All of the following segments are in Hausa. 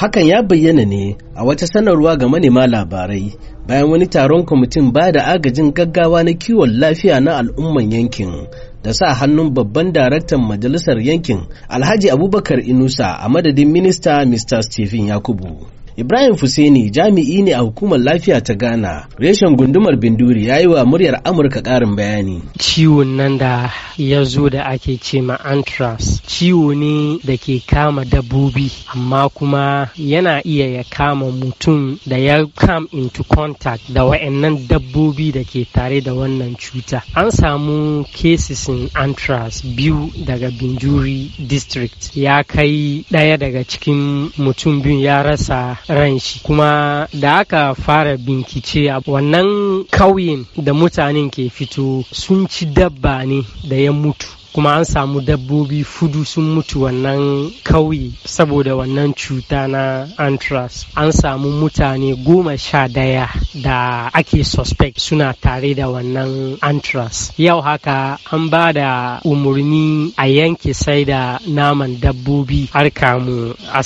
Hakan ya bayyana ne a wata sanarwa ga manema labarai bayan wani taron kwamitin ba da agajin gaggawa na kiwon lafiya na al'umman yankin da sa hannun babban daraktan majalisar yankin Alhaji Abubakar Inusa a madadin minista Mr. Stephen Yakubu. Ibrahim Fuseni jami'i ne a hukumar lafiya ta Ghana. Reshen gundumar Binduri ya yi wa muryar Amurka karin bayani. Ciwon nan da ya zo da ake ce ma anthrax ciwo ne da ke kama dabbobi amma kuma yana iya ya kama mutum da ya come into contact da wa'annan dabbobi da ke tare da wannan cuta. An samu in anthrax biyu daga Binduri district ya kai ɗaya daga cikin mutum biyu ya rasa ranshi kuma da aka fara bincike a wannan kauyen da mutanen ke fito sun ci dabba ne da ya mutu kuma an samu dabbobi fudu sun mutu wannan kauye saboda wannan cuta na anthrax an samu mutane goma sha daya da ake suspect suna tare da wannan anthrax yau haka an ba da umarni a yanke sai da naman dabbobi har kamu a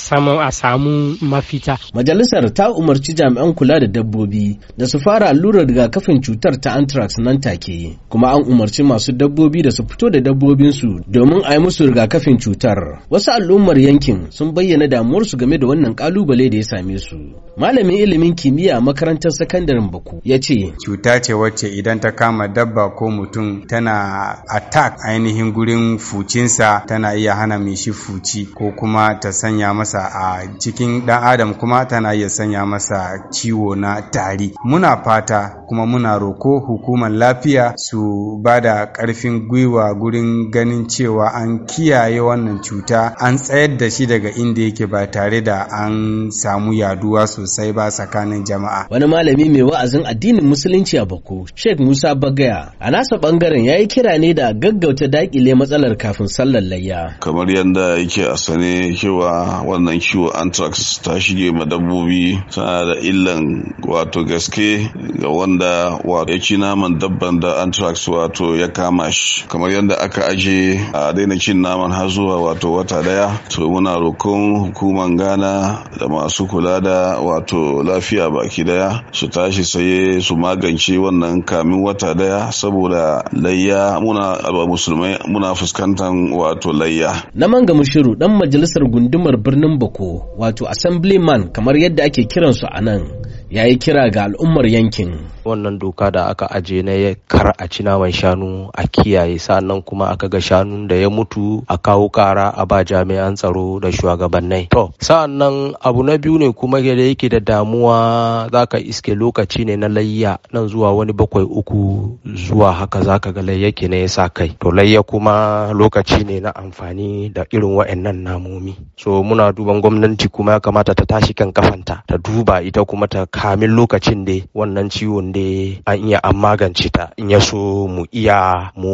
samu mafita majalisar ta umarci jami'an kula da dabbobi da su fara allurar rigakafin cutar ta anthrax nan take kuma an umarci masu dabbobi da su fito da dabbobi dabbobinsu domin a yi musu rigakafin cutar. Wasu al'ummar yankin sun bayyana damuwarsu game da wannan kalubale da ya same su. Malamin ilimin kimiyya makarantar sakandaren Baku ya ce. Cuta ce wacce idan ta kama dabba ko mutum tana attack ainihin gurin fucinsa tana iya hana mai shi fuci ko kuma ta sanya masa a cikin ɗan adam kuma tana iya sanya masa ciwo na tari. Muna fata kuma muna roko hukumar lafiya su ba da ƙarfin gwiwa gurin ganin cewa an kiyaye wannan cuta an tsayar da shi daga inda yake ba tare da an samu yaduwa sosai ba tsakanin jama'a. Wani malami mai wa'azin addinin musulunci a Bako, Sheikh Musa Bagaya, a nasa bangaren ya yi kira ne da gaggauta dakile matsalar kafin sallar layya. Kamar yadda yake a sane cewa wannan ciwo anthrax ta shige ma dabbobi tana da illan wato gaske ga wanda wato ya ci naman dabban da anthrax wato ya kama shi. Kamar yadda aka aje a daina cin naman har zuwa wato wata daya to muna rokon hukuman Gana da masu kula da wato lafiya baki daya su tashi saye su magance wannan kamin wata daya saboda layya muna musulmai muna fuskantar wato layya naman ga mushiru dan majalisar gundumar birnin bako wato assemblyman kamar yadda ake kiransu a nan ya yi kira ga al'ummar yankin. Wannan doka da aka aje na ya kar a ci naman shanu a kiyaye sannan kuma aka ga shanun da ya mutu a kawo kara a ba jami'an tsaro da shugabannai. To, sa'annan abu na biyu ne kuma da yake da damuwa zaka iske lokaci ne na layya nan zuwa wani bakwai uku zuwa haka zaka ga layya ke na ya sa kai. To layya kuma lokaci ne na amfani da irin wa'annan namomi. So muna duban gwamnati kuma ya kamata ta tashi kan kafanta ta duba ita kuma ta kamin lokacin dai wannan ciwon dai an iya an magance ta in ya so mu iya mu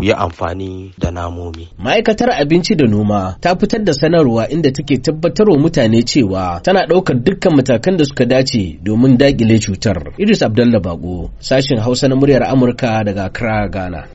yi amfani da namomi. Ma'aikatar abinci da noma ta fitar da sanarwa inda take tabbatar wa mutane cewa tana ɗaukar dukkan matakan da suka dace domin daƙile cutar. Idris Abdallah Bago, sashin Hausa na muryar Amurka daga Accra, Ghana.